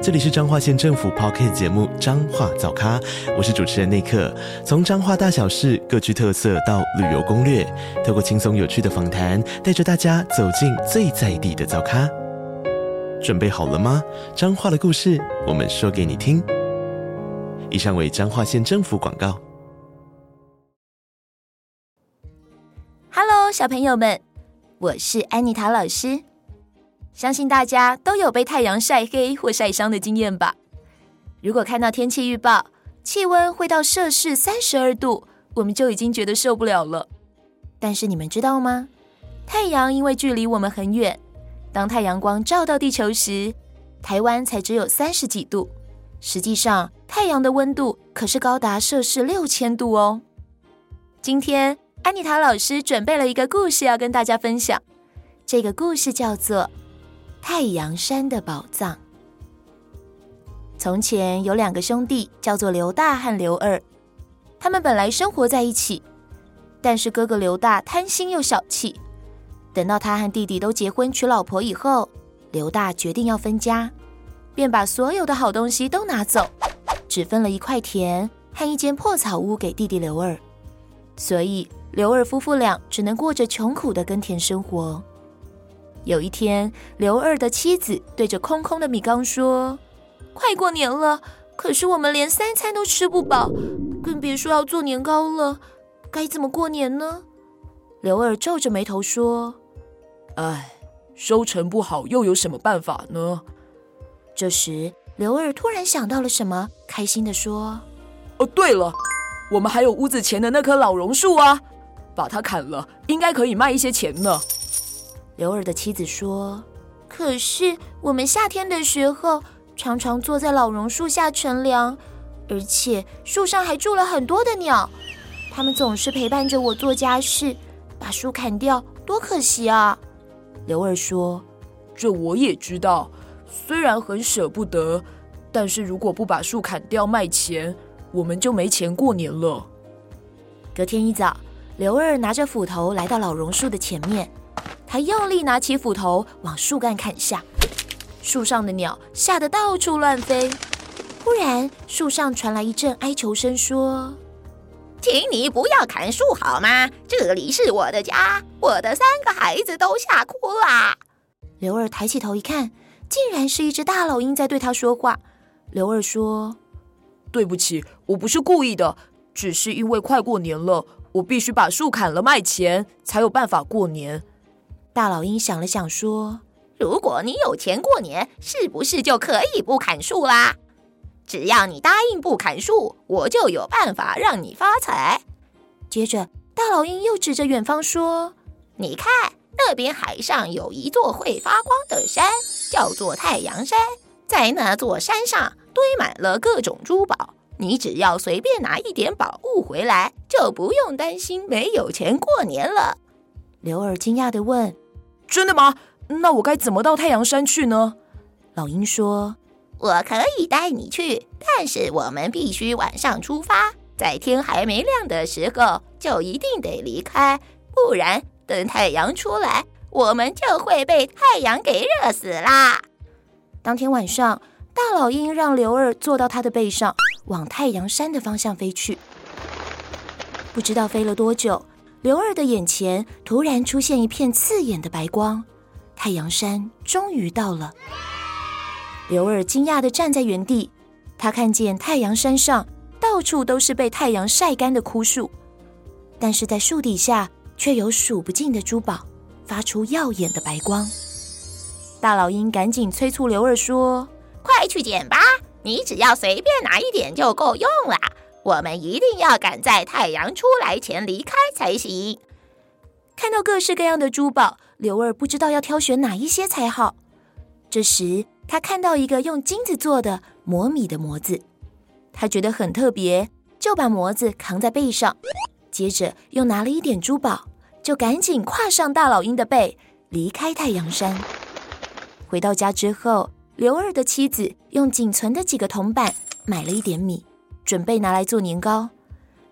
這裡是彰化縣政府 Podcast 節目《彰化早咖》，我是主持人內克。從彰化大小事各具特色到旅遊攻略，透過輕鬆有趣的訪談，帶着大家走進最在地的早咖。準備好了嗎？彰化的故事，我們說給你聽。以上為彰化縣政府廣告。Hello，小朋友們，我是安妮塔老師。相信大家都有被太陽曬黑或曬傷的經驗吧？如果看到天氣預報，氣溫會到攝氏三十二度，我們就已經覺得受不了了。但是你們知道嗎？太陽因為距離我們很遠，當太陽光照到地球時，台灣才只有三十幾度。實際上，太陽的溫度可是高達攝氏六千度哦。今天安妮塔老師準備了一個故事要跟大家分享，這個故事叫做。太陽山的寶藏。從前有兩個兄弟，叫做劉大和劉二。他們本來生活在一起，但是哥哥劉大貪心又小氣。等到他和弟弟都結婚娶老婆以後，劉大決定要分家，便把所有的好東西都拿走，只分了一塊田和一間破草屋給弟弟劉二。所以劉二夫婦倆只能過着窮苦的耕田生活。有一天，劉二的妻子對着空空的米缸說：“快過年了，可是我們連三餐都吃不飽，更別說要做年糕了，該怎麼過年呢？”劉二皺着眉頭說：“唉，收成不好，又有什麼辦法呢？”這時，劉二突然想到了什麼，開心地說：“哦，對了，我們還有屋子前的那棵老榕樹啊，把它砍了，應該可以賣一些錢呢。”劉二的妻子說：“可是我們夏天的時候常常坐在老榕樹下乘涼，而且樹上還住了很多的鳥，它們總是陪伴着我做家事。把樹砍掉，多可惜啊！”劉二說：“這我也知道，雖然很舍不得，但是如果不把樹砍掉賣錢，我們就沒錢過年了。”隔天一早，劉二拿着斧頭來到老榕樹的前面。他用力拿起斧頭，往樹幹砍下，樹上的鳥嚇得到處亂飛。忽然，樹上傳來一陣哀求聲，說：“請你不要砍樹好嗎？這裡是我的家，我的三個孩子都嚇哭了。”劉二抬起頭一看，竟然是一隻大老鷹在對他說話。劉二說：“對不起，我不是故意的，只是因為快過年了，我必須把樹砍了賣錢，才有辦法過年。”大老鷹想了想，說：“如果你有錢過年，是不是就可以不砍樹啦？只要你答應不砍樹，我就有辦法讓你發財。”接着，大老鷹又指着遠方說：“你看，那邊海上有一座會發光的山，叫做太陽山。在那座山上堆滿了各種珠寶，你只要隨便拿一點寶物回來，就不用擔心沒有錢過年了。”劉兒驚訝地問。真的嗎？那我該怎麼到太陽山去呢？老鷹說：“我可以帶你去，但是我們必須晚上出發，在天還沒亮的時候就一定得離開，不然等太陽出來，我們就會被太陽給熱死啦。”當天晚上，大老鷹讓劉二坐到他的背上，往太陽山的方向飛去。不知道飛了多久。劉二的眼前突然出現一片刺眼的白光，太陽山終於到了。劉二驚訝地站在原地，他看見太陽山上到處都是被太陽曬乾的枯樹，但是在樹底下卻有數不盡的珠寶，發出耀眼的白光。大老鷹趕緊催促劉二說：“快去撿吧，你只要隨便拿一點就夠用了。”我們一定要趕在太陽出來前離開才行。看到各式各樣的珠寶，劉二不知道要挑選哪一些才好。這時，他看到一個用金子做的磨米的磨子，他覺得很特別，就把磨子扛在背上，接着又拿了一點珠寶，就趕緊跨上大老鷹的背，離開太陽山。回到家之後，劉二的妻子用僅存的幾個銅板買了一點米。準備拿來做年糕，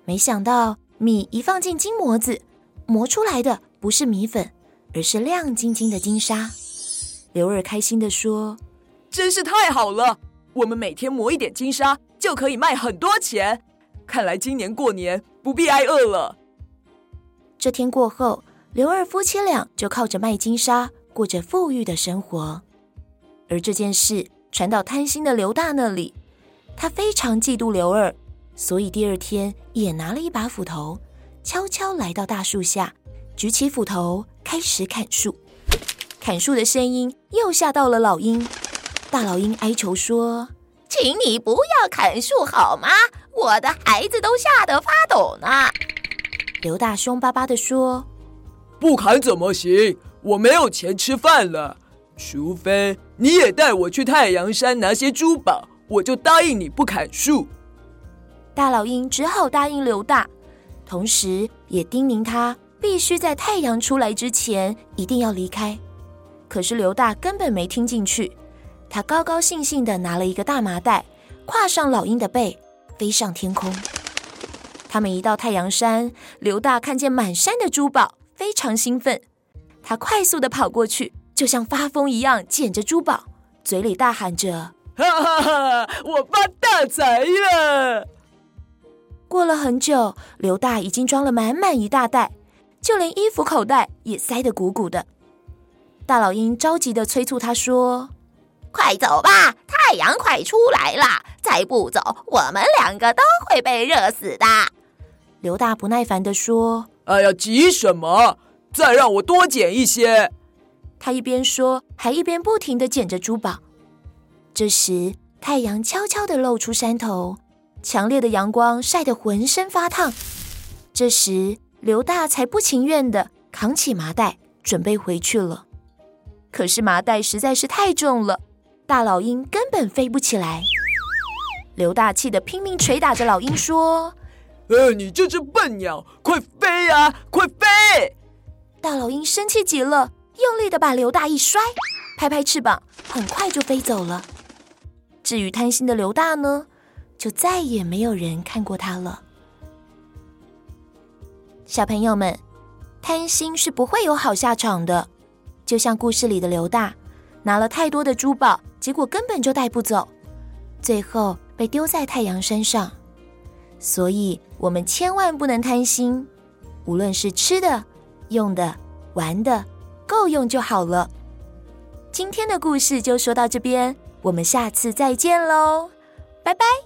沒想到米一放進金磨子，磨出來的不是米粉，而是亮晶晶的金沙。劉二開心地說：“真是太好了，我們每天磨一點金沙，就可以賣很多錢。看來今年過年不必挨餓了。”這天過後，劉二夫妻倆就靠着賣金沙過着富裕的生活。而這件事傳到貪心的劉大那裡。他非常嫉妒劉二，所以第二天也拿了一把斧頭，悄悄來到大樹下，舉起斧頭開始砍樹。砍樹的聲音又嚇到了老鷹，大老鷹哀求說：“請你不要砍樹好嗎？我的孩子都嚇得發抖呢。”劉大兇巴巴的說：“不砍怎麼行？我沒有錢吃飯了，除非你也帶我去太陽山拿些珠寶。”我就答應你不砍樹。大老鷹只好答應劉大，同時也叮嚀他必須在太陽出來之前一定要離開。可是劉大根本沒聽進去，他高高興興的拿了一個大麻袋，跨上老鷹的背，飛上天空。他們一到太陽山，劉大看見滿山的珠寶，非常興奮。他快速的跑過去，就像發瘋一樣撿着珠寶，嘴裡大喊着。哈哈哈！我發大財了。過了很久，劉大已經裝了滿滿一大袋，就連衣服口袋也塞得鼓鼓的。大老鷹着急的催促他說：“快走吧，太陽快出來了，再不走，我們兩個都會被熱死的。”劉大不耐煩的說：“哎呀，急什麼？再讓我多撿一些。”他一邊說，還一邊不停的撿着珠寶。這時，太陽悄悄地露出山頭，強烈的陽光曬得渾身發燙。這時，劉大才不情願的扛起麻袋，準備回去了。可是麻袋實在是太重了，大老鷹根本飛不起來。劉大氣得拼命捶打着老鷹，說：“呃，你這隻笨鳥，快飛呀，快飛！”大老鷹生氣極了，用力的把劉大一摔，拍拍翅膀，很快就飛走了。至於貪心的劉大呢，就再也沒有人看過他了。小朋友們，貪心是不會有好下場的，就像故事裡的劉大拿了太多的珠寶，結果根本就帶不走，最後被丟在太陽山上。所以，我們千萬不能貪心，無論是吃的、用的、玩的，夠用就好了。今天的故事就說到這邊。我們下次再見嘍，拜拜。